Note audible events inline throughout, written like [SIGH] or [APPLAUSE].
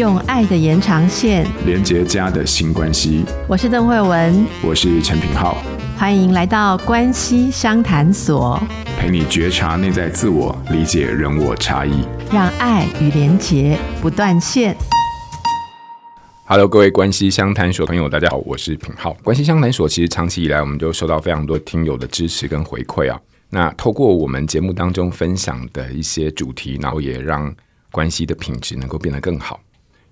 用愛的延長線連接家的心關係。我是鄧惠文，我是陳品皓，歡迎來到關係相談所，陪你覺察內在自我，理解人我差異，讓愛與連結不斷線。Hello，各位關係相談所朋友，大家好，我是品皓。關係相談所其實長期以來，我們就收到非常多聽友的支持跟回饋啊。那透過我們節目當中分享的一些主題，然後也讓關係的品質能夠變得更好。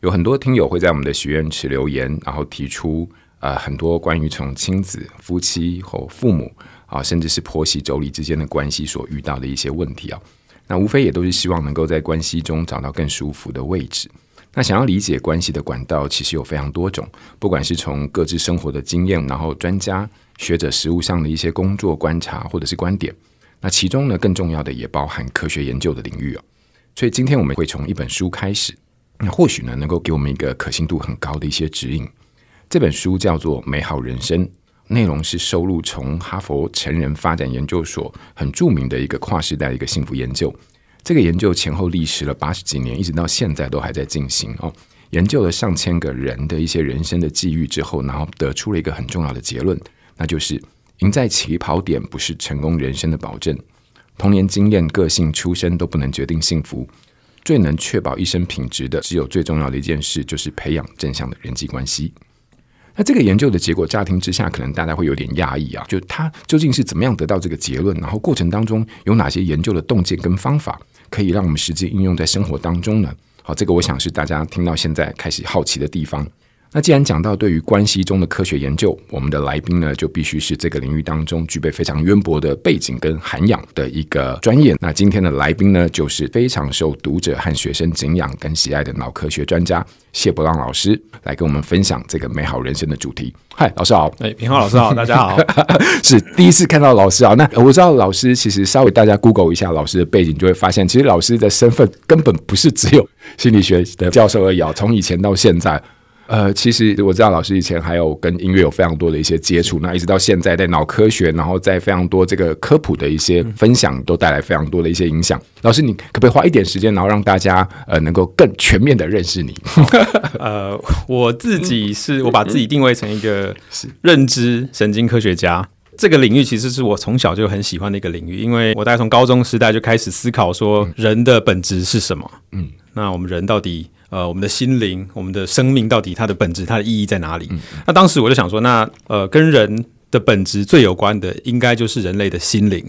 有很多聽友會在我們的許願池留言，然後提出呃很多關於從親子、夫妻或父母啊，甚至是婆媳妯娌之間的關係所遇到的一些問題啊、哦。那無非也都是希望能夠在關係中找到更舒服的位置。那想要理解關係的管道，其實有非常多種，不管是從各自生活的經驗，然後專家學者實務上的一些工作觀察或者是觀點。那其中呢，更重要的也包含科學研究的領域哦。所以今天我們會從一本書開始。那或許呢，能夠給我們一個可信度很高的一些指引。這本書叫做《美好人生》，內容是收錄從哈佛成人發展研究所很著名的一個跨世代一個幸福研究。這個研究前後歷時了八十幾年，一直到現在都還在進行哦。研究了上千個人的一些人生的際遇之後，然後得出了一個很重要的結論，那就是贏在起跑點不是成功人生的保證，童年經驗、個性、出身都不能決定幸福。最能確保一生品質的，只有最重要的一件事，就是培養正向的人際關係。那這個研究的結果乍聽之下，可能大家會有點訝異啊。就它究竟是怎麼樣得到這個結論？然後過程當中有哪些研究的洞見跟方法，可以讓我們實際應用在生活當中呢？好，這個我想是大家聽到現在開始好奇的地方。那既然講到對於關係中的科學研究，我們的來賓呢，就必須是這個領域當中具備非常淵博的背景跟涵養的一個專業。那今天的來賓呢，就是非常受讀者和學生敬仰跟喜愛的腦科學專家謝伯讓老師，來跟我們分享這個美好人生的主題。嗨，老師好！哎，品皓老師好，大家好。 [LAUGHS] 是第一次看到老師啊。那我知道老師其實稍微大家 Google 一下老師的背景，就會發現，其實老師的身份根本不是只有心理學的教授而已啊、哦。從以前到現在。呃，其實我知道老師以前還有跟音樂有非常多的一些接觸，那一直到現在，在腦科學，然後在非常多這個科普的一些分享，都帶來非常多的一些影響。嗯、老師，你可不可以花一點時間，然後讓大家呃能夠更全面的認識你？呃，我自己是、嗯、我把自己定位成一個認知神經科學家，這個領域其實是我從小就很喜歡的一個領域，因為我大概從高中時代就開始思考說人的本質是什麼。嗯，那我們人到底？呃，我們的心靈，我們的生命到底它的本質、它的意義在哪裡？嗯嗯，那當時我就想說，那呃，跟人的本質最有關的，應該就是人類的心靈，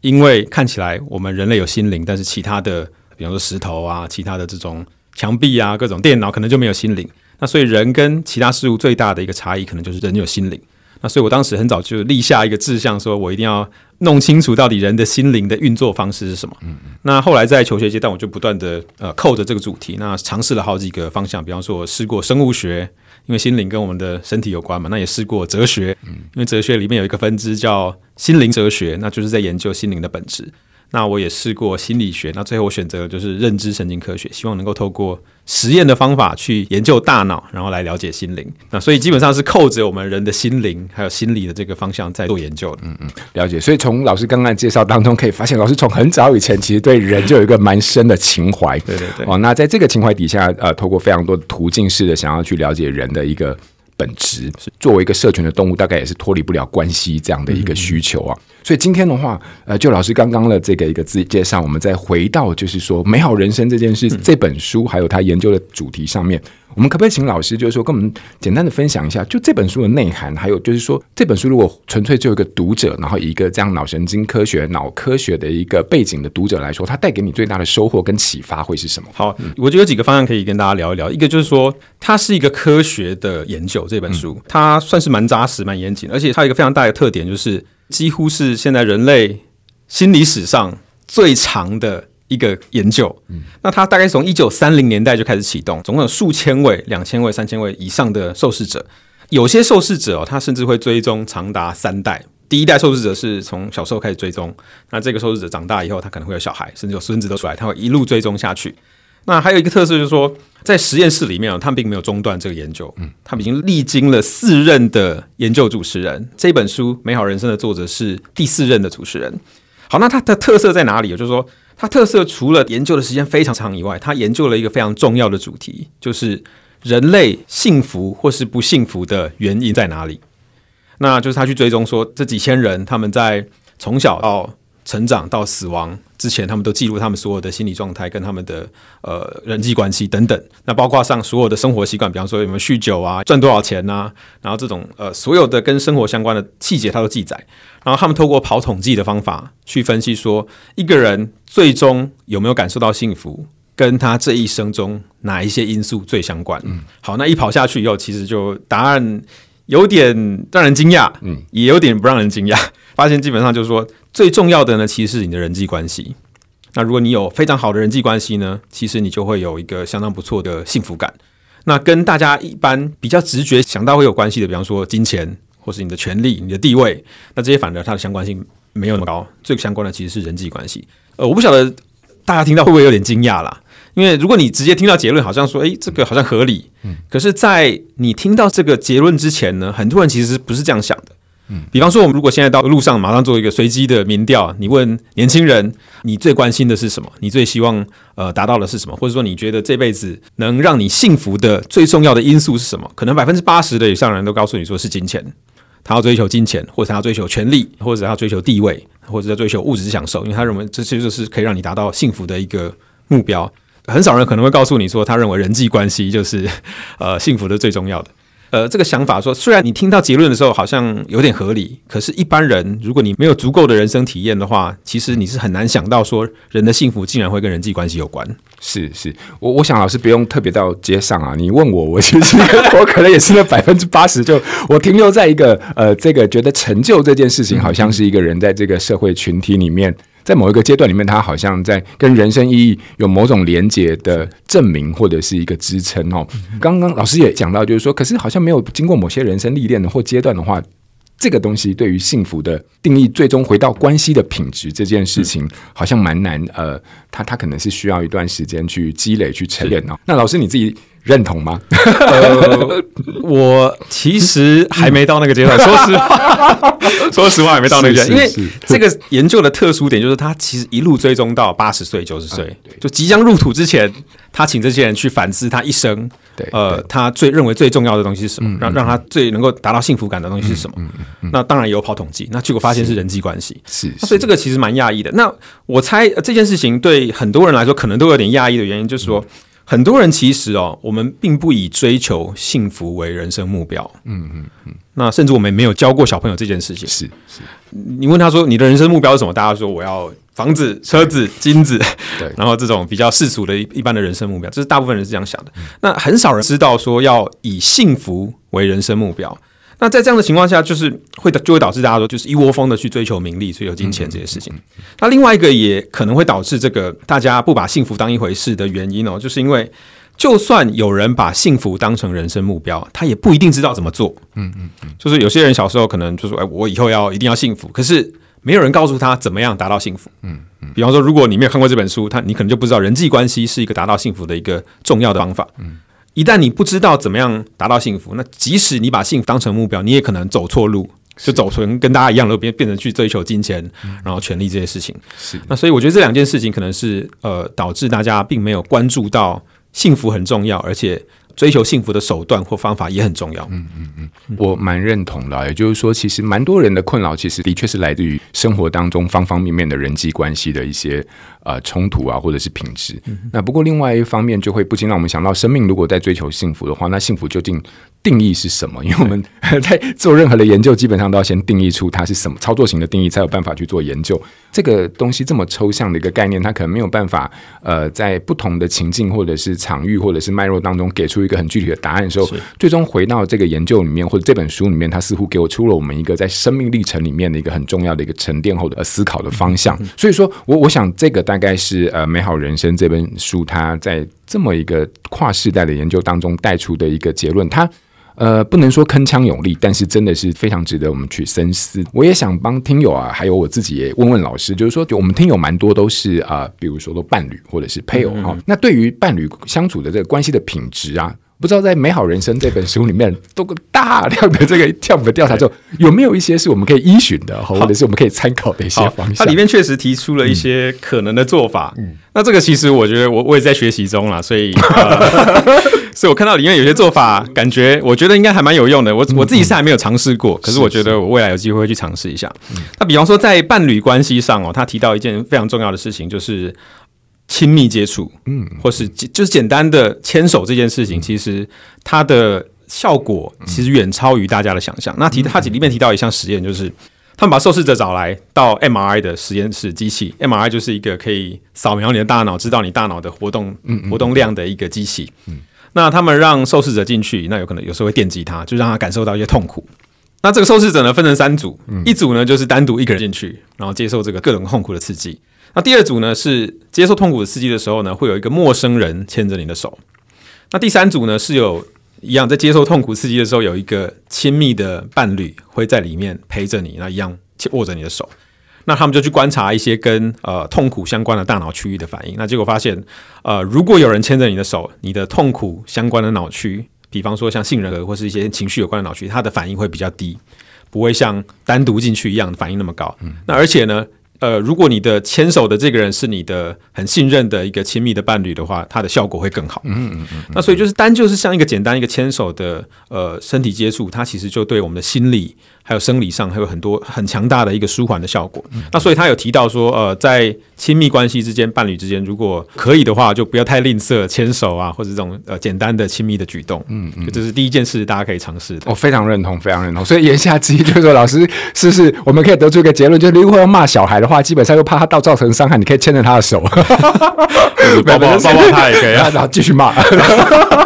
因為看起來我們人類有心靈，但是其他的，比方說石頭啊、其他的這種牆壁啊、各種電腦，可能就沒有心靈。那所以人跟其他事物最大的一個差異，可能就是人有心靈。那所以，我當時很早就立下一個志向，說我一定要弄清楚到底人的心靈的運作方式是什麼。那後來在求學階段，我就不斷的呃扣着這個主題，那嘗試了好幾個方向。比方說，我試過生物學，因為心靈跟我們的身體有關嘛。那也試過哲學，因為哲學裡面有一個分支叫心靈哲學，那就是在研究心靈的本質。那我也試過心理學，那最後我選擇就是認知神經科學，希望能夠透過實驗的方法去研究大腦，然後來了解心靈。那所以基本上是扣着我們人的心靈還有心理的這個方向在做研究的。嗯嗯，了解。所以從老師剛剛的介紹當中可以發現，老師從很早以前其實對人就有一個蠻深的情懷。對對對。哦，那在這個情懷底下，呃，透過非常多的途徑式的想要去了解人的一個。本質是作為一個社群的動物，大概也是脫離不了關係這樣的一個需求啊。嗯嗯嗯，所以今天的話，呃，就老師剛剛的這個一個自介紹，我們再回到就是說，美好人生這件事，嗯嗯，這本書還有他研究的主題上面。我們可不可以請老師，就是說，跟我們簡單的分享一下，就這本書的內涵，還有就是說，這本書如果純粹就有一個讀者，然後以一個這樣腦神經科學、腦科學的一個背景的讀者來說，它帶給你最大的收穫跟啟發會是什麼？好，我覺得有幾個方向可以跟大家聊一聊。一個就是說，它是一個科學的研究，這本書它算是蠻扎實、蠻嚴謹，而且它有一個非常大的特點，就是幾乎是現在人類心理史上最長的。一個研究，那它大概從一九三零年代就開始啟動，總共有數千位、兩千位、三千位以上的受試者。有些受試者哦，他甚至會追蹤長達三代。第一代受試者是從小時候開始追蹤，那這個受試者長大以後，他可能會有小孩，甚至有孫子都出來，他會一路追蹤下去。那還有一個特色就是說，在實驗室裡面，他們並沒有中斷這個研究，嗯，他們已經歷經了四任的研究主持人。這本書《美好人生》的作者是第四任的主持人。好，那它的特色在哪裡？就是說。他特色除了研究的時間非常長以外，他研究了一個非常重要的主題，就是人類幸福或是不幸福的原因在哪裡。那就是他去追蹤說，這幾千人他們在從小到。成長到死亡之前，他們都記錄他們所有的心理狀態、跟他們的呃人際關係等等。那包括上所有的生活習慣，比方說有沒有酗酒啊、賺多少錢啊，然後這種呃所有的跟生活相關的細節，他都記載。然後他們透過跑統計的方法去分析，說一個人最終有沒有感受到幸福，跟他這一生中哪一些因素最相關。嗯，好，那一跑下去以後，其實就答案有點讓人驚訝，嗯，也有點不讓人驚訝。發現基本上就是說。最重要的呢，其實是你的人際關係。那如果你有非常好的人際關係呢，其實你就會有一個相當不錯的幸福感。那跟大家一般比較直覺想到會有關係的，比方說金錢，或是你的權力、你的地位，那這些反而它的相關性沒有那麼高。最相關的其實是人際關係。呃，我不曉得大家聽到會不會有點驚訝啦，因為如果你直接聽到結論，好像說，誒，這個好像合理。嗯。可是，在你聽到這個結論之前呢，很多人其實不是這樣想的。比方說，我們如果現在到路上馬上做一個隨機的民調，你問年輕人，你最關心的是什麼？你最希望呃達到的是什麼？或者說，你覺得這輩子能讓你幸福的最重要的因素是什麼？可能百分之八十的以上的人都告訴你說是金錢，他要追求金錢，或者他要追求權力，或者他要追求地位，或者他追求物質享受，因為他認為這其實就是可以讓你達到幸福的一個目標。很少人可能會告訴你說，他認為人際關係就是呃幸福的最重要的。呃，這個想法說，雖然你聽到結論的時候好像有點合理，可是，一般人如果你沒有足夠的人生體驗的話，其實你是很難想到說，人的幸福竟然會跟人際關係有關。是是，我我想老師不用特別到街上啊，你問我，我其實我可能也是那百分之八十，就 [LAUGHS] 我停留在一個呃，這個覺得成就這件事情，好像是一個人在這個社會群體裡面，在某一個階段裡面，他好像在跟人生意義有某種連接的證明，或者是一個支撐哦。剛剛老師也講到，就是說，可是好像沒有經過某些人生歷練的或階段的話，這個東西對於幸福的定義，最終回到關係的品質這件事情，好像蠻難。呃，他他可能是需要一段時間去積累、去沉澱哦。那老師你自己。認同嗎、？ [LAUGHS] 呃，我其實還沒到那個階段。說實話，說實話，還沒到那個階段。因為這個研究的特殊點就是，他其實一路追蹤到八十歲、九十歲，就即將入土之前，他請這些人去反思他一生。呃、對，呃，他最認為最重要的東西是什麼？讓、嗯嗯、讓他最能夠達到幸福感的東西是什麼？嗯嗯嗯嗯、那當然有跑統計，那結果發現是人際關係。是，是所以這個其實蠻訝異的。那我猜，、呃、這件事情對很多人來說，可能都有點訝異的原因，就是說。很多人其實哦，我們並不以追求幸福為人生目標。嗯嗯嗯。那甚至我們沒有教過小朋友這件事情。是是。你問他說：“你的人生目標是什麼？”大家說：“我要房子、車子、金子。”對。然後這種比較世俗的一般的人生目標，這就是大部分人是這樣想的。嗯。那很少人知道說要以幸福為人生目標。那在這樣的情況下，就是會導就會導致大家說，就是一窩蜂的去追求名利、追求金錢這些事情。嗯嗯嗯嗯嗯。那另外一個也可能會導致這個大家不把幸福當一回事的原因哦，就是因為就算有人把幸福當成人生目標，他也不一定知道怎麼做。嗯嗯嗯。就是有些人小時候可能就說：“哎、欸，我以後要一定要幸福。”可是沒有人告訴他怎麼樣達到幸福。嗯嗯，嗯。比方說，如果你沒有看過這本書，他你可能就不知道人際關係是一個達到幸福的一個重要的方法。嗯。一旦你不知道怎麼樣達到幸福，那即使你把幸福當成目標，你也可能走錯路，就走成跟大家一樣，都變變成去追求金錢，然後權力這些事情。是。那所以我覺得這兩件事情可能是呃導致大家並沒有關注到幸福很重要，而且。追求幸福的手段或方法也很重要。嗯嗯嗯，我蠻認同的。也就是說，其實蠻多人的困擾，其實的確是來自於生活當中方方面面的人際關係的一些呃衝突啊，或者是品質。嗯，那不過另外一方面，就會不禁讓我們想到，生命如果在追求幸福的話，那幸福究竟定義是什麼？因為我們在做任何的研究，基本上都要先定義出它是什麼操作型的定義，才有辦法去做研究。這個東西這麼抽象的一個概念，它可能沒有辦法呃，在不同的情境或者是場域或者是脈絡當中給出，一個很具體的答案的時候，最終回到這個研究裡面，或者這本書裡面，它似乎給我出了我們一個在生命歷程裡面的一個很重要的一個沉澱後的思考的方向。嗯嗯，所以說我我想這個大概是呃，美好人生這本書它在這麼一個跨世代的研究當中帶出的一個結論。它。呃，不能說鏗鏘有力，但是真的是非常值得我們去深思。我也想幫聽友啊，還有我自己也問問老師，就是說，我們聽友蠻多都是啊，呃，比如說都伴侶或者是配偶哈，嗯嗯嗯哦，那對於伴侶相處的這個關係的品質啊。不知道在《美好人生》這本書裡面，多個大量的這個跳舞的調查之後，有沒有一些是我們可以依循的，或者是我們可以參考的一些方向？它裡面確實提出了一些可能的做法。嗯、那這個其實我覺得我，我我也在學習中啦，所以，嗯呃、 [LAUGHS] 所以我看到裡面有些做法，感覺我覺得應該還蠻有用的。我我自己是還沒有嘗試過，可是我覺得我未來有機會會去嘗試一下，是是。那比方說，在伴侶關係上哦，他提到一件非常重要的事情，就是親密接觸，嗯，或是就是簡單的牽手這件事情，嗯，其實它的效果其實遠超於大家的想象、嗯嗯。那提，他裡面提到一項實驗，就是他們把受試者找來到 M R I 的實驗室機器，M R I 就是一個可以掃描你的大腦，知道你大腦的活動，嗯嗯，活動量的一個機器嗯。嗯，那他們讓受試者進去，那有可能有時候會電擊他，就讓他感受到一些痛苦。那這個受試者呢，分成三組，一組呢就是單獨一個人進去，然後接受這個各種痛苦的刺激。那第二組呢是接受痛苦刺激的時候呢，會有一個陌生人牽着你的手。那第三組呢是有一樣在接受痛苦刺激的時候，有一個親密的伴侶會在裡面陪着你，那一樣握着你的手。那他們就去觀察一些跟呃痛苦相關的大腦區域的反應。那結果發現，呃，如果有人牽着你的手，你的痛苦相關的腦區，比方說像杏仁核或是一些情緒有關的腦區，它的反應會比較低，不會像單獨進去一樣反應那麼高。嗯，那而且呢，呃，如果你的牽手的這個人是你的很信任的一個親密的伴侶的話，它的效果會更好。嗯嗯嗯，嗯。嗯，那所以就是單就是像一個簡單一個牽手的呃身體接觸，它其實就對我們的心理。還有生理上還有很多很強大的一個舒緩的效果、嗯。嗯嗯，那所以他有提到說，呃，在親密關係之間，伴侶之間，如果可以的話，就不要太吝嗇牽手啊，或者這種呃簡單的親密的舉動。嗯嗯，這是第一件事，大家可以嘗試。我非常認同，非常認同。所以言下之意就是說，老師，是不是我們可以得出一個結論，就是如果要罵小孩的話，基本上又怕他到造成傷害，你可以牽着他的手，嗯， [LAUGHS] 抱，抱抱抱抱他也可以啊，啊然後繼續罵，啊。 [LAUGHS]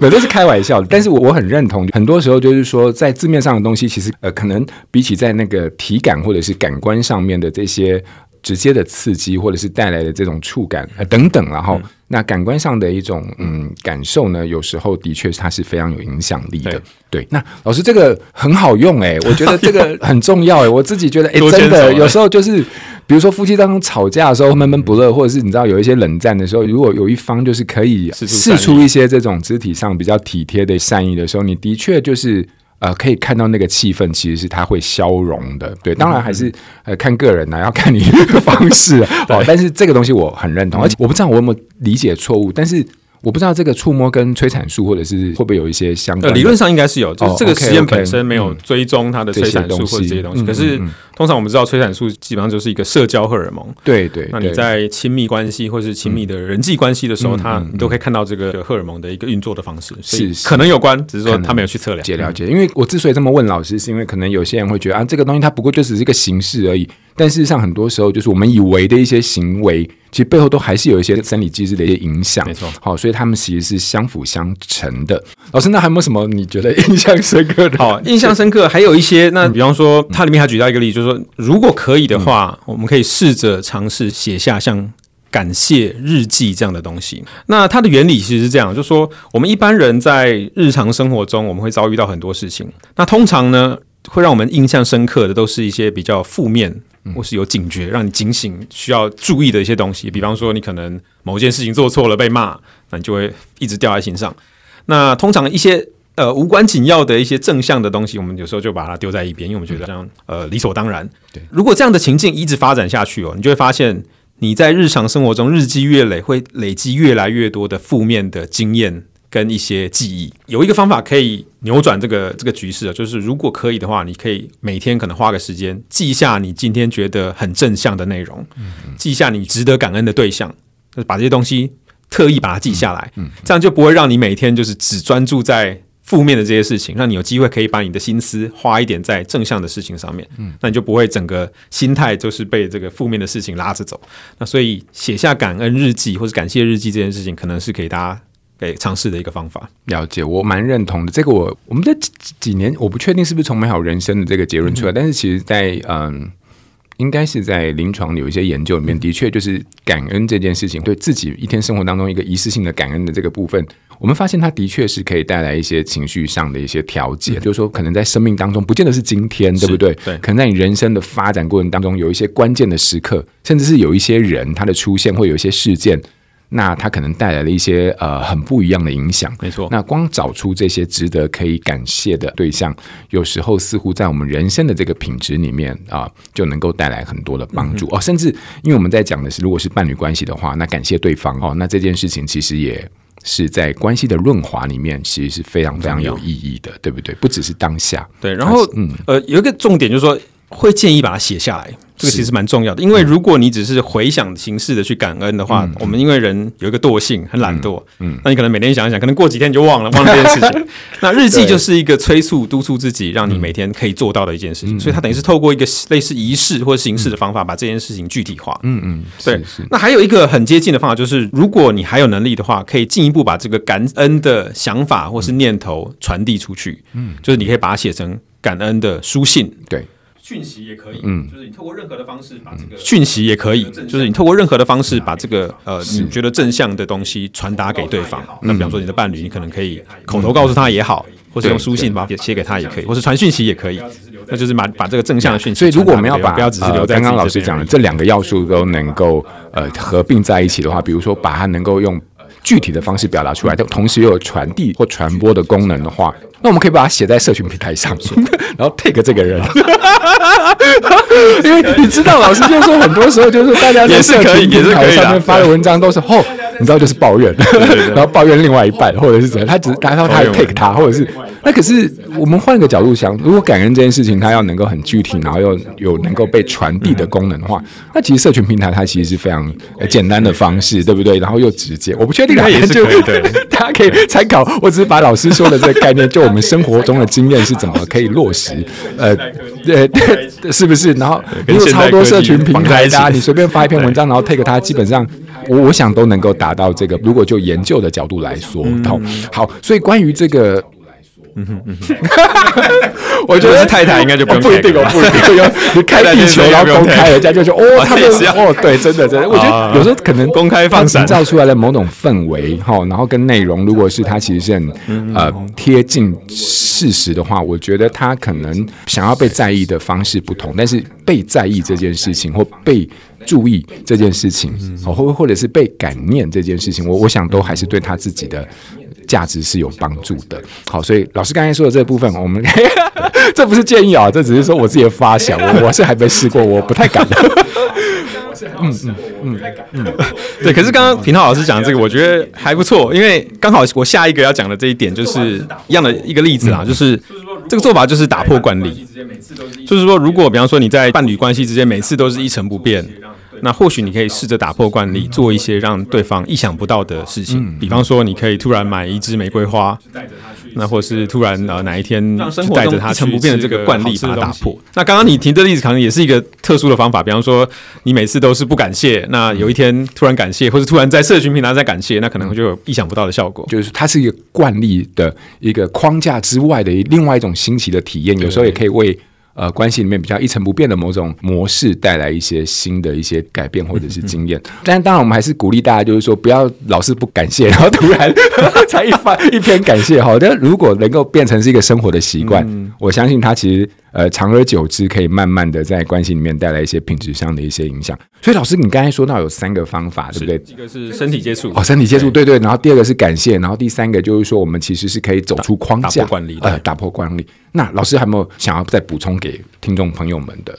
那都是開玩笑的，但是我我很認同，很多時候就是說，在字面上的東西，其實呃，可能比起在那個體感或者是感官上面的這些直接的刺激，或者是帶來的這種觸感等等，然後、嗯、那感官上的一種嗯感受呢，有時候的確它是非常有影響力的。對，對，那老師這個很好用哎、欸，我覺得這個很重要哎、欸，我自己覺得哎、欸，真的有時候就是，比如說夫妻當中吵架的時候悶悶不樂，或者是你知道有一些冷戰的時候，如果有一方就是可以釋出一些這種肢體上比較體貼的善意的時候，你的確就是。呃，可以看到那個氣氛其實是它會消融的，對，當然還是、嗯、呃看個人吶，要看你的方式 [LAUGHS] 哦。但是這個東西我很認同，嗯、而且我不知道我有沒有理解錯誤、嗯，但是我不知道這個觸摸跟催產素或者是會不會有一些相關對？理論上應該是有，就是、這個實驗本身沒有追蹤它的催產素、哦 okay, okay, okay, 嗯、或者這些東西，嗯嗯嗯、可是。通常我們知道催產素基本上就是一個社交荷爾蒙，對，對對。那你在親密關係或是親密的人際關係的時候，嗯、他，你都可以看到這個荷爾蒙的一個運作的方式，是、嗯、可能有關是是，只是說他沒有去測量。了解了解，嗯，因為我之所以這麼問老師，是因為可能有些人會覺得啊，這個東西它不過就只是一個形式而已。但事實上，很多時候就是我們以為的一些行為，其實背後都還是有一些生理機制的一些影響。沒錯，好、哦，所以他們其實是相輔相成的。老師，那還有沒有什麼你覺得印象深刻的？好，印象深刻還有一些， [LAUGHS] 那比方說，它裡面還舉到一個例子、嗯，就是。如果可以的話，嗯、我們可以試着嘗試寫下像感謝日記這樣的東西。那它的原理其實是這樣，就是說，我們一般人在日常生活中，我們會遭遇到很多事情。那通常呢，會讓我們印象深刻的都是一些比較負面，或是有警覺，嗯、讓你警醒、需要注意的一些東西。比方說，你可能某件事情做錯了，被罵，那你就會一直掉在心上。那通常一些。呃，無關緊要的一些正向的東西，我們有時候就把它丟在一邊，因為我們覺得這樣，呃理所當然。對，如果這樣的情境一直發展下去哦，你就會發現你在日常生活中日積月累會累積越來越多的負面的經驗跟一些記憶。有一個方法可以扭轉這個這個局勢啊、哦，就是如果可以的話，你可以每天可能花個時間記一下你今天覺得很正向的內容，記、嗯、記下你值得感恩的對象，就是把這些東西特意把它記下來，嗯，這樣就不會讓你每天就是只專注在。負面的這些事情，讓你有機會可以把你的心思花一點在正向的事情上面，嗯，那你就不會整個心態就是被這個負面的事情拉着走。那所以寫下感恩日記或是感謝日記這件事情，可能是給大家可以嘗試的一個方法。了解，我蠻認同的。這個我，我們這幾年，我不確定是不是從美好人生的這個結論出來，嗯，但是其實在，在嗯，應該是在臨床有一些研究裡面，嗯，的確就是感恩這件事情，對自己一天生活當中一個一次性的感恩的這個部分，我們發現它的確是可以帶來一些情緒上的一些調節，嗯、就是說，可能在生命當中，不見得是今天，對不對？對。可能在你人生的發展過程當中，有一些關鍵的時刻，甚至是有一些人他的出現，會有一些事件，那他可能帶來了一些呃很不一樣的影響。沒錯。那光找出這些值得可以感謝的對象，有時候似乎在我們人生的這個品質裡面啊、呃，就能夠帶來很多的幫助嗯嗯哦。甚至因為我們在講的是，如果是伴侶關係的話，那感謝對方哦，那這件事情其實也。是在關係的潤滑裡面，其實是非常非常有意義的，對不對？不只是當下。對，然後，嗯，呃，有一個重點就是說。會建議把它寫下來，這個其實蠻重要的。因為如果你只是回想形式的去感恩的話，嗯、我們因為人有一個惰性，嗯、很懶惰嗯，嗯，那你可能每天想一想，可能過幾天你就忘了忘了這件事情。 [LAUGHS] 那日記就是一個催促、督促自己，讓你每天可以做到的一件事情。嗯、所以它等於是透過一個類似儀式或形式的方法、嗯，把這件事情具體化。嗯嗯，對。那還有一個很接近的方法，就是如果你還有能力的話，可以進一步把這個感恩的想法或是念頭傳遞出去。嗯，就是你可以把它寫成感恩的書信。對。訊息也可以，嗯，就是你透過任何的方式把這個訊息也可以，就是你透過任何的方式把這個、嗯嗯，就是把這個嗯、呃，你覺得正向的東西傳達給對方、嗯。那比方說你的伴侶，你可能可以口頭告訴他也好、嗯，或是用書信把寫給，給他也可以，或是傳訊息也可以。那就是把把這個正向的訊息可以、嗯。所以如果我們要把剛剛、呃、老師講的這兩個要素都能夠呃合併在一起的話，比如說把它能夠用具體的方式表達出來，但同時又有傳遞或傳播的功能的話，那我們可以把它寫在社群平台上，然後 take 這個人。因為你知道，老師就是說，很多時候就是大家在社群平台上面發的文章都是吼、哦，你知道就是抱怨，然後抱怨另外一半或者是怎樣，他只然後他還 take 他或者是。那可是我們換個角度想，如果感恩這件事情它要能夠很具體，然後又有能夠被傳遞的功能的話，那其實社群平台它其實是非常簡單的方式，對不對？嗯，然後又直接，我不確定，它也是可以，對 [LAUGHS] 大家可以參考。我只是把老師說的這個概念，就我們生活中的經驗是怎麼可以落實，對呃，對，是不是？然後你有超多社群平台的，你隨便發一篇文章，然後配給它，基本上我我想都能夠達到這個。如果就研究的角度來說，好，好，所以關於這個。嗯哼，我覺得太太應該就不一定哦，不一定。你 [LAUGHS] 開地球要公開，人家就說：“哦，他們、啊、哦，對，真的，真的。啊”我覺得有時候可能公開放閃營造出來的某種氛圍哈、哦，然後跟內容，如果是他其實是很呃貼近事實的話，我覺得他可能想要被在意的方式不同，但是被在意這件事情或被注意這件事情，或或者是被感念這件事情，我我想都還是對他自己的，價值是有幫助的，好，所以老師剛才說的這部分，我們這不是建議啊，這只是說我自己的發想，我我是還沒試過，我不太敢。嗯嗯，嗯，對，可是剛剛品皓老師講的這個，我覺得還不錯，因為剛好我下一個要講的這一點就是一樣的一個例子啦，就是這個做法就是打破慣例，就是說如果比方說你在伴侶關係之間每次都是一成不變。那或許你可以試着打破慣例、嗯，做一些讓對方意想不到的事情。嗯嗯、比方說，你可以突然買一支玫瑰花、嗯嗯，那或者是突然呃哪一天帶着它一成不變的這個慣例把它打破。嗯、那剛剛你提的例子可能也是一個特殊的方法。比方說，你每次都是不感謝，那有一天突然感謝，或是突然在社群平台上再感謝，那可能就有意想不到的效果。就是它是一個慣例的一個框架之外的另外一種新奇的體驗，對對對，有時候也可以為。呃，關係裡面比較一成不變的某種模式，帶來一些新的一些改變或者是經驗、嗯。但當然，我們還是鼓勵大家，就是說不要老是不感謝， [LAUGHS] 然後突然 [LAUGHS] 才一發 [LAUGHS] 一篇感謝哈。但如果能夠變成是一個生活的習慣、嗯，我相信它其實。呃，長而久之，可以慢慢的在關係裡面帶來一些品質上的一些影響。所以，老師，你剛才說到有三個方法，對不對？一個是身體接觸，哦，身體接觸，對對，對對。然後第二個是感謝，然後第三個就是說，我們其實是可以走出框架，慣例的打破慣例，呃。那老師，還有沒有想要再補充給聽眾朋友們的？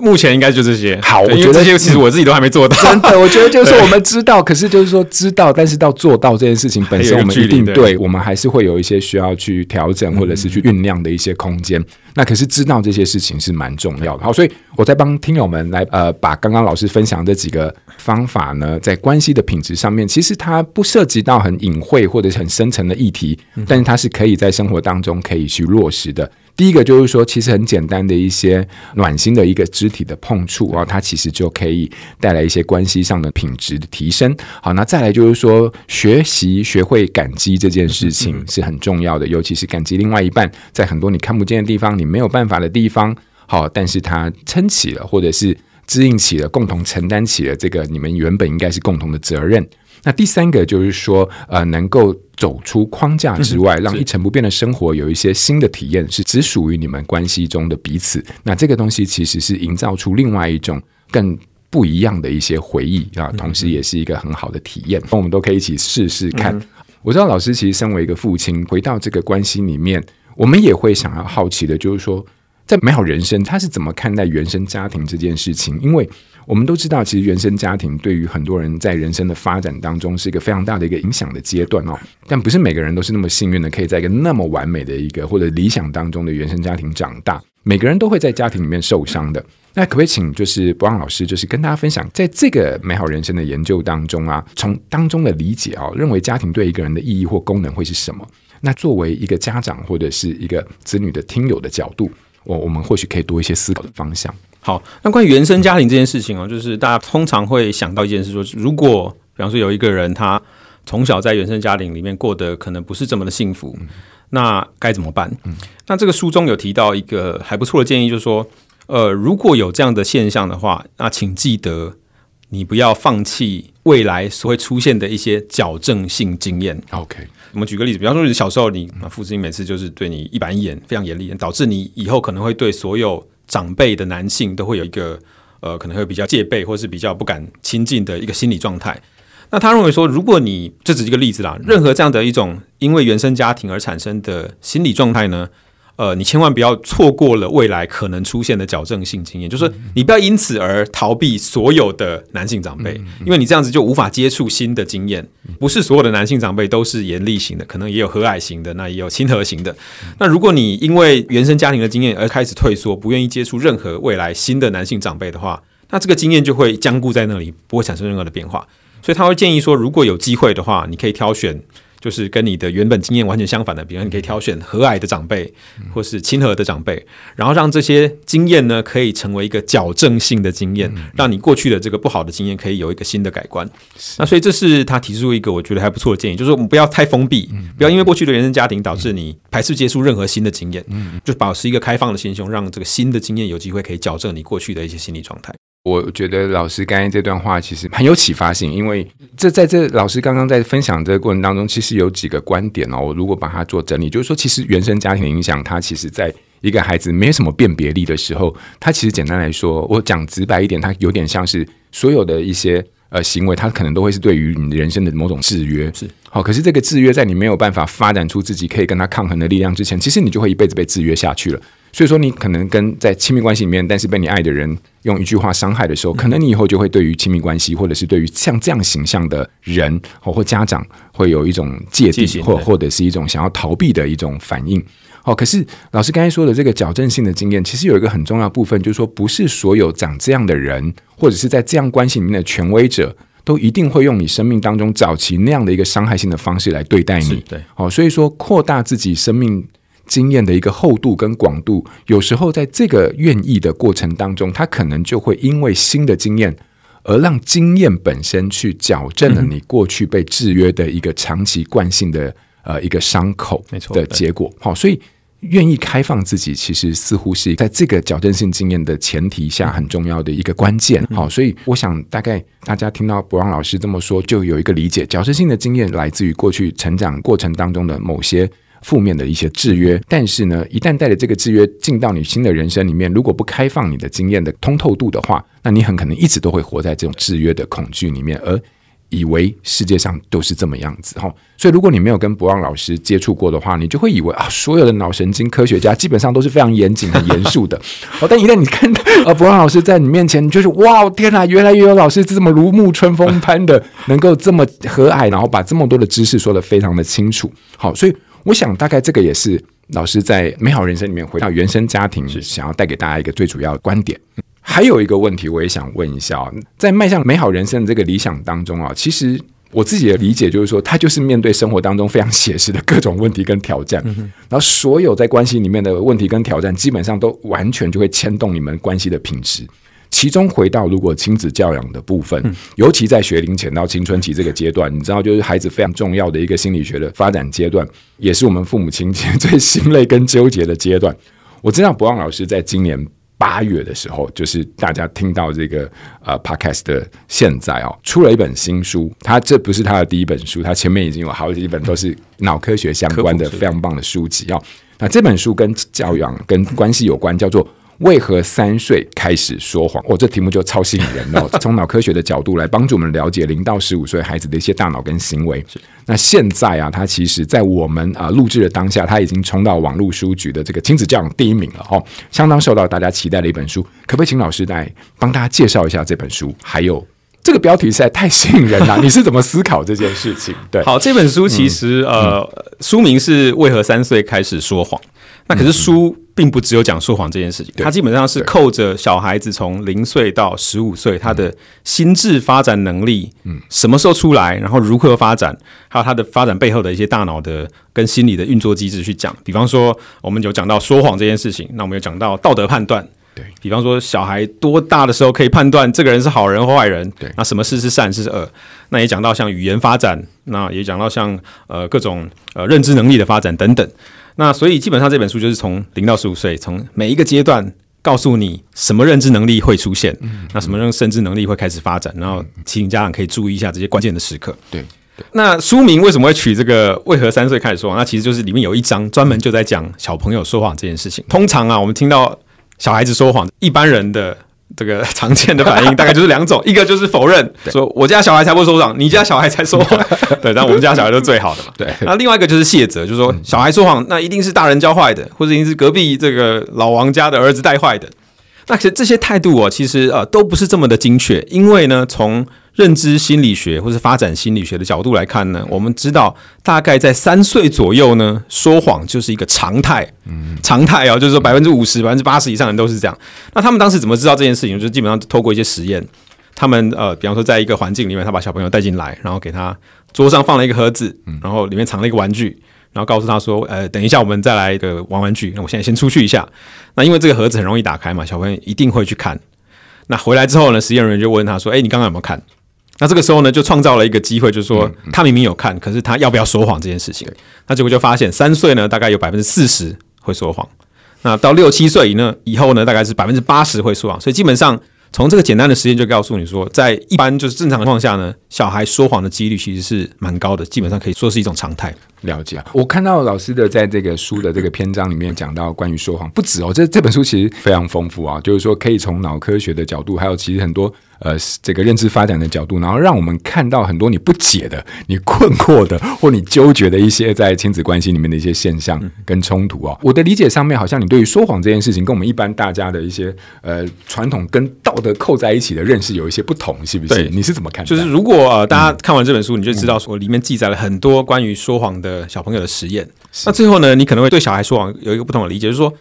目前應該就這些。好，我覺得這些其實我自己都還沒做到。嗯、真的，我覺得就是說我們知道，可是就是說知道，但是到做到這件事情本身，我們一定對，一對，我們還是會有一些需要去調整或者是去醞釀的一些空間、嗯。那可是知道這些事情是蠻重要的。好，所以我在幫聽友們來呃，把剛剛老師分享的這幾個方法呢，在關係的品質上面，其實它不涉及到很隱晦或者是很深層的議題、嗯，但是它是可以在生活當中可以去落實的。第一個就是說，其實很簡單的一些暖心的一個肢體的碰觸啊，它其實就可以帶來一些關係上的品質的提升。好，那再來就是說學，學習學會感激這件事情是很重要的，尤其是感激另外一半，在很多你看不見的地方，你沒有辦法的地方，好，但是他撐起了，或者是支應起了，共同承擔起了這個你們原本應該是共同的責任。那第三個就是說，呃，能夠走出框架之外，嗯、讓一成不變的生活有一些新的體驗，是只屬於你們關係中的彼此。那這個東西其實是營造出另外一種更不一樣的一些回憶啊，同時也是一個很好的體驗。那、嗯、我們都可以一起試試看、嗯。我知道老師其實身為一個父親，回到這個關係裡面，我們也會想要好奇的，就是說，在美好人生，他是怎麼看待原生家庭這件事情？因為。我們都知道，其實原生家庭對於很多人在人生的發展當中是一個非常大的一個影響的階段哦。但不是每個人都是那麼幸運的，可以在一個那麼完美的一個或者理想當中的原生家庭長大。每個人都會在家庭裡面受傷的。那可不可以請就是伯讓老師，就是跟大家分享，在這個美好人生的研究當中啊，從當中的理解啊、哦，認為家庭對一個人的意義或功能會是什麼？那作為一個家長或者是一個子女的聽友的角度、哦，我我們或許可以多一些思考的方向。好，那關於原生家庭這件事情啊、哦嗯，就是大家通常會想到一件事說，說如果，比方說有一個人他從小在原生家庭裡面過得可能不是這麼的幸福，嗯、那該怎麼辦、嗯？那這個書中有提到一個還不錯的建議，就是說，呃，如果有這樣的現象的話，那請記得你不要放棄未來所會出現的一些矯正性經驗。OK，我們舉個例子，比方說你小時候你父親每次就是對你一板一眼，非常嚴厲，導致你以後可能會對所有。長輩的男性都會有一個，呃，可能會比較戒備，或是比較不敢親近的一個心理狀態。那他認為說，如果你這只是一個例子啦，任何這樣的一種因為原生家庭而產生的心理狀態呢，呃，你千萬不要錯過了未來可能出現的矯正性經驗，就是你不要因此而逃避所有的男性長輩，因為你這樣子就無法接觸新的經驗。不是所有的男性長輩都是嚴厲型的，可能也有和藹型的，那也有親和型的。那如果你因為原生家庭的經驗而開始退縮，不願意接觸任何未來新的男性長輩的話，那這個經驗就會僵固在那裡，不會產生任何的變化。所以他會建議說，如果有機會的話，你可以挑選。就是跟你的原本經驗完全相反的，比方你可以挑選和藹的長輩，或是親和的長輩，然後讓這些經驗呢，可以成為一個矯正性的經驗，讓你過去的這個不好的經驗可以有一個新的改觀。那所以這是他提出一個我覺得還不錯的建議，就是我們不要太封閉，不要因為過去的原生家庭導致你排斥接觸任何新的經驗，就保持一個開放的心胸，讓這個新的經驗有機會可以矯正你過去的一些心理狀態。我覺得老師剛剛這段話其實很有啟發性，因為這在這老師剛剛在分享這個過程當中，其實有幾個觀點哦。我如果把它做整理，就是說，其實原生家庭的影響它，其實在一個孩子沒有什麼辨別力的時候，它其實簡單來說，我講直白一點，它有點像是所有的一些呃行為，它可能都會是對於你人生的某種制約。是好，可是這個制約在你沒有辦法發展出自己可以跟他抗衡的力量之前，其實你就會一輩子被制約下去了。所以說，你可能跟在親密關係裡面，但是被你愛的人用一句話傷害的時候，嗯、可能你以後就會對於親密關係，或者是對於像這樣形象的人、嗯哦、或家長，會有一種戒備，或或者是一種想要逃避的一種反應哦。可是老師剛才說的這個矯正性的經驗，其實有一個很重要部分，就是說，不是所有長這樣的人，或者是在這樣關係裡面的權威者，都一定會用你生命當中早期那樣的一個傷害性的方式來對待你。對，哦，所以說擴大自己生命經驗的一個厚度跟廣度，有時候在這個願意的過程當中，他可能就會因為新的經驗而讓經驗本身去矯正了你過去被制約的一個長期慣性的呃一個傷口，沒錯的結果。好，所以願意開放自己，其實似乎是在這個矯正性經驗的前提下很重要的一個關鍵。好、嗯，所以我想大概大家聽到伯讓老師這麼說，就有一個理解：矯正性的經驗來自於過去成長過程當中的某些。負面的一些制約，但是呢，一旦帶着這個制約進到你新的人生裡面，如果不開放你的經驗的通透度的話，那你很可能一直都會活在這種制約的恐懼裡面，而以為世界上都是這麼樣子哈。所以，如果你沒有跟伯讓老師接觸過的話，你就會以為啊，所有的腦神經科學家基本上都是非常嚴謹、很嚴肅的、 [LAUGHS] 哦。但一旦你看到啊、呃，伯讓老師在你面前，你就是哇，天哪、啊，原來也有老師這麼如沐春風般的， [LAUGHS] 能夠這麼和藹，然後把這麼多的知識說得非常的清楚。好，所以。我想大概這個也是老師在《美好人生》裡面回到原生家庭，想要帶給大家一個最主要的觀點。還有一個問題，我也想問一下在邁向美好人生的這個理想當中啊，其實我自己的理解就是說，他就是面對生活當中非常寫實的各種問題跟挑戰，然後所有在關係裡面的問題跟挑戰，基本上都完全就會牽動你們關係的品質。其中回到如果親子教養的部分、嗯，尤其在學齡前到青春期這個階段、嗯，你知道，就是孩子非常重要的一個心理學的發展階段，也是我們父母親最心累跟糾結的階段。我知道伯讓老師在今年八月的時候，就是大家聽到這個呃，podcast 的現在哦、喔，出了一本新書。他這不是他的第一本書，他前面已經有好幾本都是腦科學相關的非常棒的書籍哦、喔。那這本書跟教養、嗯、跟關係有關，叫做。為何三歲開始說謊？哦，這題目就超吸引人哦！ [LAUGHS] 從腦科學的角度來幫助我們了解零到十五歲孩子的一些大腦跟行為。是。那現在啊，他其實在我們啊錄製的當下，他已經衝到網絡書局的這個親子教育第一名了哦，相當受到大家期待的一本書。可不可以請老師來幫大家介紹一下這本書？還有？這個標題實在太吸引人了， [LAUGHS] 你是怎麼思考這件事情？對，好，這本書其實、嗯、呃，書名是《為何三歲開始說謊》，嗯，那可是書並不只有講說謊這件事情，它基本上是扣着小孩子從零歲到十五歲，他的心智發展能力，嗯，什麼時候出來，然後如何發展，還有他的發展背後的一些大腦的跟心理的運作機制去講。比方說，我們有講到說謊這件事情，那我們有講到道德判斷。比方說，小孩多大的時候可以判斷這個人是好人或壞人？對，那什麼事是善事是、呃，是惡？那也講到像語言發展，那也講到像呃各種呃認知能力的發展等等。那所以基本上這本書就是從零到十五歲，從每一個階段告訴你什麼認知能力會出現、嗯，那什麼認知能力會開始發展，嗯、然後提醒家長可以注意一下這些關鍵的時刻。對。對，那書名為什麼會取這個？為何三歲開始說謊？那其實就是裡面有一章專門就在講小朋友說謊這件事情。通常啊，我們聽到。小孩子說謊，一般人的這個常見的反應大概就是兩種， [LAUGHS] 一個就是否認，說我家小孩才不會說謊，你家小孩才說謊， [LAUGHS] 對，但我們家小孩都是最好的嘛， [LAUGHS] 對。那另外一個就是卸責， [LAUGHS] 就是說小孩說謊， [LAUGHS] 那一定是大人教壞的，或者一定是隔壁這個老王家的兒子帶壞的。那其實這些態度啊、喔，其實啊都不是這麼的精確，因為呢，從認知心理學或是發展心理學的角度來看呢，我們知道大概在三歲左右呢，說謊就是一個常態，常態哦、啊，就是說百分之五十、百分之八十以上的人都是這樣。那他們當時怎麼知道這件事情？就基本上透過一些實驗，他們呃，比方說在一個環境裡面，他把小朋友帶進來，然後給他桌上放了一個盒子，然後裡面藏了一個玩具，然後告訴他說，呃，等一下我們再來一個玩玩具，那我現在先出去一下。那因為這個盒子很容易打開嘛，小朋友一定會去看。那回來之後呢，實驗人員就問他說，哎，你剛剛有沒有看？那這個時候呢，就創造了一個機會，就是說、嗯嗯、他明明有看，可是他要不要說謊這件事情。那結果就發現，三歲呢大概有百分之四十會說謊，那到六七歲以呢以後呢，大概是百分之八十會說謊。所以基本上從這個簡單的實驗就告訴你說，在一般就是正常的情況下呢，小孩說謊的幾率其實是蠻高的，基本上可以說是一種常態。了解。我看到老師的在這個書的這個篇章裡面講到關於說謊不只哦，這這本書其實非常豐富啊，就是說可以從腦科學的角度，還有其實很多。呃，這個認知發展的角度，然後讓我們看到很多你不解的、你困惑的或你糾結的一些在親子關係裡面的一些現象跟衝突哦，我的理解上面，好像你對於說謊這件事情，跟我們一般大家的一些呃傳統跟道德扣在一起的認識有一些不同，是不是？對，你是怎麼看？就是如果、呃、大家看完這本書，嗯、你就知道說，裡面記載了很多關於說謊的小朋友的實驗。那最後呢，你可能會對小孩說謊有一個不同的理解，就是說。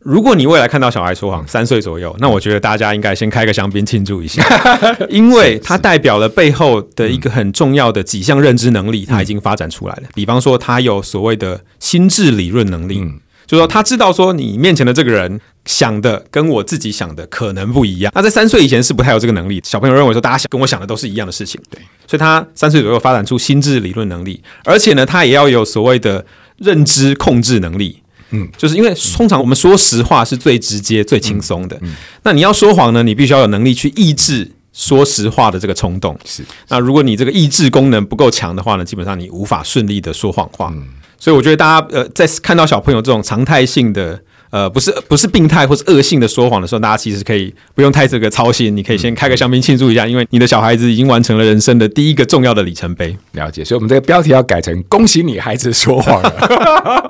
如果你未來看到小孩說謊，三歲左右，那我覺得大家應該先開個香檳慶祝一下， [LAUGHS] 因為它代表了背後的一個很重要的幾項認知能力，它已經發展出來了。比方說，他有所謂的心智理論能力，嗯，就是說他知道說你面前的這個人想的跟我自己想的可能不一樣。那在三歲以前是不太有這個能力，小朋友認為說大家想跟我想的都是一樣的事情。對，所以他三歲左右發展出心智理論能力，而且呢，他也要有所謂的認知控制能力。嗯，就是因為通常我們說實話是最直接最、最輕鬆的。那你要說謊呢，你必須要有能力去抑制說實話的這個衝動是。是。那如果你這個抑制功能不夠強的話呢，基本上你無法順利的說謊話，嗯。所以我覺得大家呃，在看到小朋友這種常態性的。呃，不是不是病態或是惡性的說謊的時候，大家其實可以不用太這個操心，你可以先開個香檳慶祝一下，嗯嗯，因為你的小孩子已經完成了人生的第一個重要的里程碑。了解，所以我們這個標題要改成“恭喜你孩子說謊”了。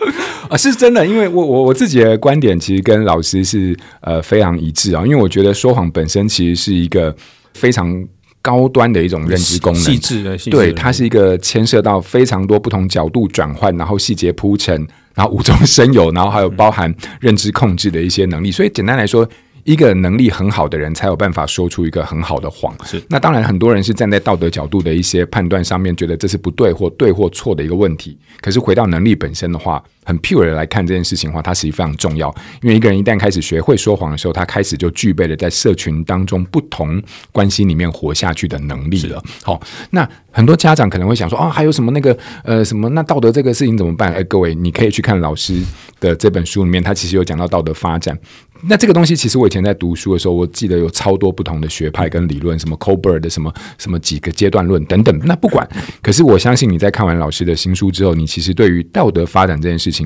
[LAUGHS] 哦，是真的，因為我我我自己的觀點其實跟老師是呃非常一致啊，因為我覺得說謊本身其實是一個非常高端的一種認知功能，細緻的細緻，對，它是一個牽涉到非常多不同角度轉換，然後細節鋪陳。然後無中生有，然後還有包含認知控制的一些能力。所以簡單來說，一個能力很好的人才有辦法說出一個很好的謊。是，那當然很多人是站在道德角度的一些判斷上面，覺得這是不對或對或錯的一個問題。可是回到能力本身的話。很 pure 的來看這件事情的話，它其實非常重要，因為一個人一旦開始學會說謊的時候，他開始就具備了在社群當中不同關係裡面活下去的能力了。好，那很多家長可能會想說啊、哦，還有什麼那個呃什麼那道德這個事情怎麼辦？哎、呃，各位你可以去看老師的這本書裡面，他其實有講到道德發展。那這個東西其實我以前在讀書的時候，我記得有超多不同的學派跟理論，什麼 Kohlberg 的什麼什麼幾個階段論等等。那不管，可是我相信你在看完老師的新書之後，你其實對於道德發展這件事情。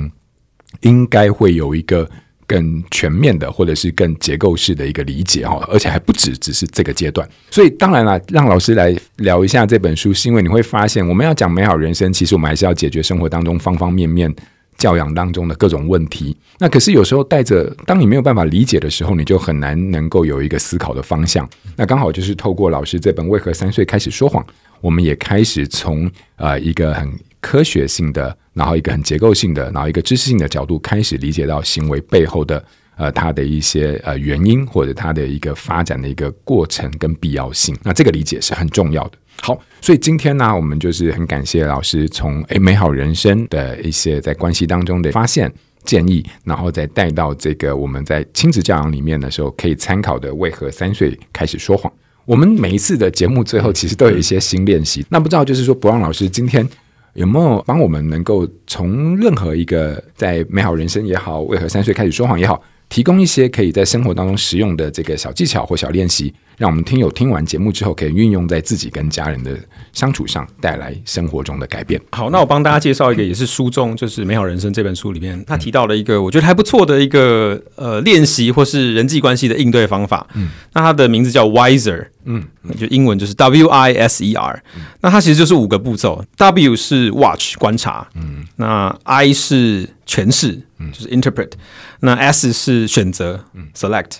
應該會有一個更全面的，或者是更結構式的一個理解哈、哦，而且還不止只是這個階段。所以當然了，讓老師來聊一下這本書，是因為你會發現，我們要講美好人生，其實我們還是要解決生活當中方方面面教養當中的各種問題。那可是有時候帶着，當你沒有辦法理解的時候，你就很難能夠有一個思考的方向。那剛好就是透過老師這本《為何三歲開始說謊》，我們也開始從啊、呃、一個很。科學性的，然後一個很結構性的，然後一個知識性的角度開始理解到行為背後的呃，它的一些呃原因或者它的一個發展的一個過程跟必要性，那這個理解是很重要的。好，所以今天呢，我們就是很感謝老師從誒、欸、美好人生的一些在關係當中的發現建議，然後再帶到這個我們在親子教養裡面的時候可以參考的，為何三歲開始說謊？我們每一次的節目最後其實都有一些心練習、嗯嗯，那不知道就是說，伯讓老師今天。有沒有幫我們能夠從任何一個在美好人生也好，為何三歲開始說謊也好，提供一些可以在生活當中使用的這個小技巧或小練習？讓我們聽友聽完節目之後，可以運用在自己跟家人的相處上，帶來生活中的改變。好，那我幫大家介紹一個，也是書中就是《美好人生》這本書裡面他提到的一個，我覺得還不錯的一個呃練習，或是人際關係的應對方法。嗯，那它的名字叫 Wiser，嗯，嗯，就英文就是 W I S E R。嗯，那它其實就是五個步驟：W 是 Watch 觀察，嗯，那 I 是詮釋，嗯，就是 Interpret，嗯，那 S 是選擇，嗯，Select。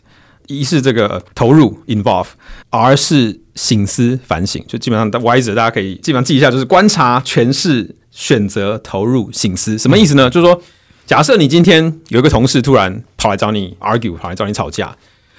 一是這個投入 involve，而是省思反省，就基本上 WISER，大家可以基本上記一下，就是觀察、詮釋、選擇、投入、省思，什麼意思呢？嗯、就是說，假設你今天有一個同事突然跑來找你 argue，跑來找你吵架，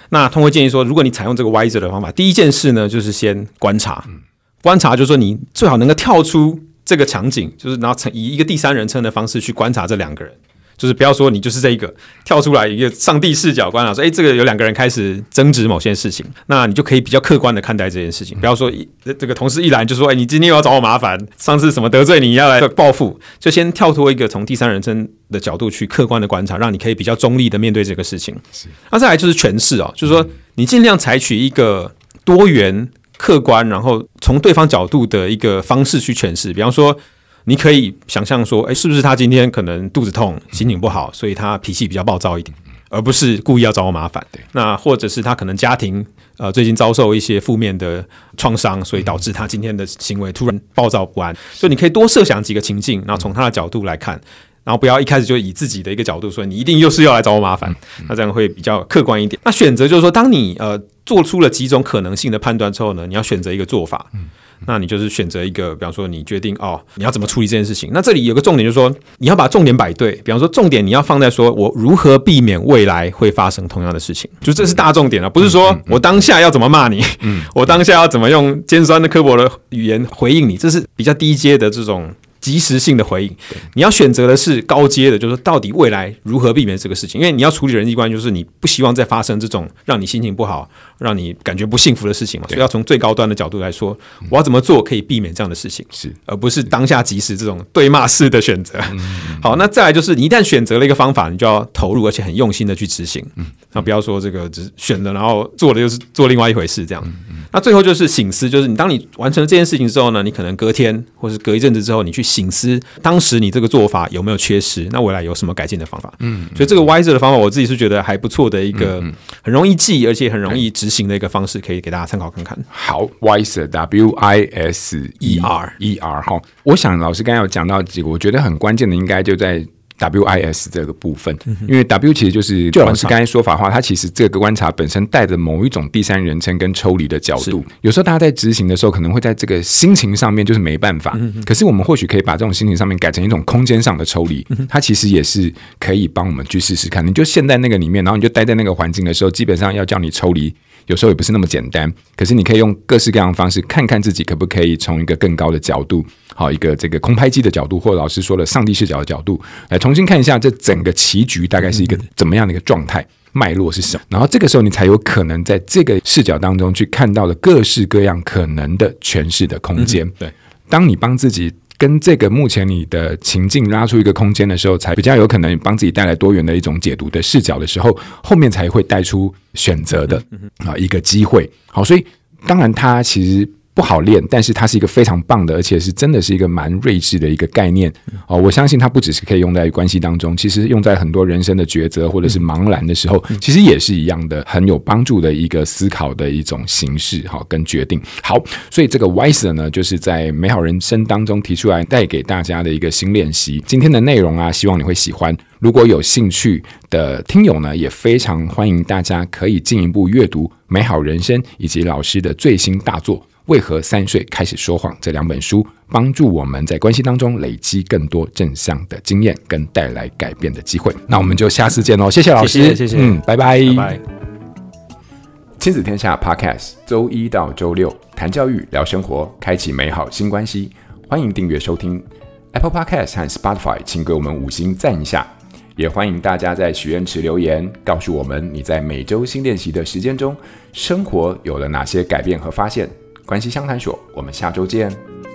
那通過建議說，如果你採用這個 WISER 的方法，第一件事呢就是先觀察，嗯、觀察就是說你最好能夠跳出這個場景，就是然後以一個第三人稱的方式去觀察這兩個人。就是不要說你就是這一個跳出來一個上帝視角觀啊，說誒、欸，這個有兩個人開始爭執某些事情，那你就可以比較客觀的看待這件事情。不要說一這個同事一來就說哎、欸，你今天又要找我麻煩，上次什麼得罪你要來報復，就先跳脫一個從第三人稱的角度去客觀的觀察，讓你可以比較中立的面對這個事情。是。那、啊、再來就是詮釋啊，就是說你儘量採取一個多元、客觀，然後從對方角度的一個方式去詮釋，比方說。你可以想象說，誒、欸，是不是他今天可能肚子痛，心情不好，所以他脾氣比較暴躁一點，而不是故意要找我麻煩。對。那或者是他可能家庭呃最近遭受一些負面的創傷，所以導致他今天的行為突然暴躁不安。所以你可以多設想幾個情境，然後從他的角度來看，然後不要一開始就以自己的一個角度說你一定又是要來找我麻煩，那這樣會比較客觀一點。那選擇就是說，當你呃做出了幾種可能性的判斷之後呢，你要選擇一個做法。嗯那你就是選擇一個，比方說你決定哦，你要怎麼處理這件事情？那這裡有個重點，就是說你要把重點擺對。比方說，重點你要放在說，我如何避免未來會發生同樣的事情，就這是大重點啊，不是說我當下要怎麼罵你，嗯嗯嗯，我當下要怎麼用尖酸的、刻薄的語言回應你，這是比較低階的這種。及時性的回應，你要選擇的是高階的，就是到底未來如何避免這個事情，因為你要處理人際關係，就是你不希望再發生這種讓你心情不好、讓你感覺不幸福的事情嘛。所以要從最高端的角度來說，我要怎麼做可以避免這樣的事情？是，而不是當下即時這種對罵式的選擇。好，那再來就是，你一旦選擇了一個方法，你就要投入而且很用心的去執行。嗯，那不要說這個只選了，然後做了就是做另外一回事這樣。嗯、那最後就是省思，就是你當你完成這件事情之後呢，你可能隔天或是隔一陣子之後，你去。反思當時你這個做法有沒有缺失？那未來有什麼改進的方法？嗯，嗯所以這個 Wiser 的方法，我自己是覺得還不錯的一個，很容易記、嗯嗯、而且很容易執行的一個方式，嗯、可以給大家參考看看。好，Wiser，W I S E R E R、哦、我想老師剛才有講到幾個，我覺得很關鍵的，應該就在。WIS 這個部分、嗯，因為 W 其實就是，就老師剛才說法的話，它其實這個觀察本身帶着某一種第三人稱跟抽離的角度。有時候大家在執行的時候，可能會在這個心情上面就是沒辦法。嗯、可是我們或許可以把這種心情上面改成一種空間上的抽離、嗯，它其實也是可以幫我們去試試看、嗯。你就陷在那個裡面，然後你就待在那個環境的時候，基本上要叫你抽離。有時候也不是那麼簡單，可是你可以用各式各樣的方式看看自己可不可以從一個更高的角度，好一個這個空拍機的角度，或老師說的上帝視角的角度，來重新看一下這整個棋局大概是一個怎麼樣的一個狀態，嗯，脈絡是什麼。嗯，然後這個時候你才有可能在這個視角當中去看到了各式各樣可能的詮釋的空間。嗯，對，當你幫自己。跟這個目前你的情境，拉出一個空間的時候，才比較有可能幫自己帶來多元的一種解讀的視角的時候，後面才會帶出選擇的啊一個機會。好，所以當然他其實。不好練，但是它是一個非常棒的，而且是真的是一個蠻睿智的一個概念哦。我相信它不只是可以用在關係當中，其實用在很多人生的抉擇或者是茫然的時候，其實也是一樣的很有幫助的一個思考的一種形式哈、哦。跟決定好，所以這個 WISER 呢，就是在美好人生當中提出來帶給大家的一個心練習。今天的內容啊，希望你會喜歡。如果有興趣的聽友呢，也非常歡迎大家可以進一步閱讀《美好人生》以及老師的最新大作。為何三歲開始說謊？這兩本書幫助我們在關係當中累積更多正向的經驗，跟帶來改變的機會。那我們就下次見嘍！謝謝老師，謝謝，謝謝，嗯，拜拜，拜拜。親子天下 Podcast，週一到週六談教育、聊生活，開啟美好新關係。歡迎訂閱收聽 Apple Podcast 和 Spotify，請給我們五星贊一下。也歡迎大家在許願池留言，告訴我們你在每週新練習的時間中，生活有了哪些改變和發現。關係相談所，我們下周見。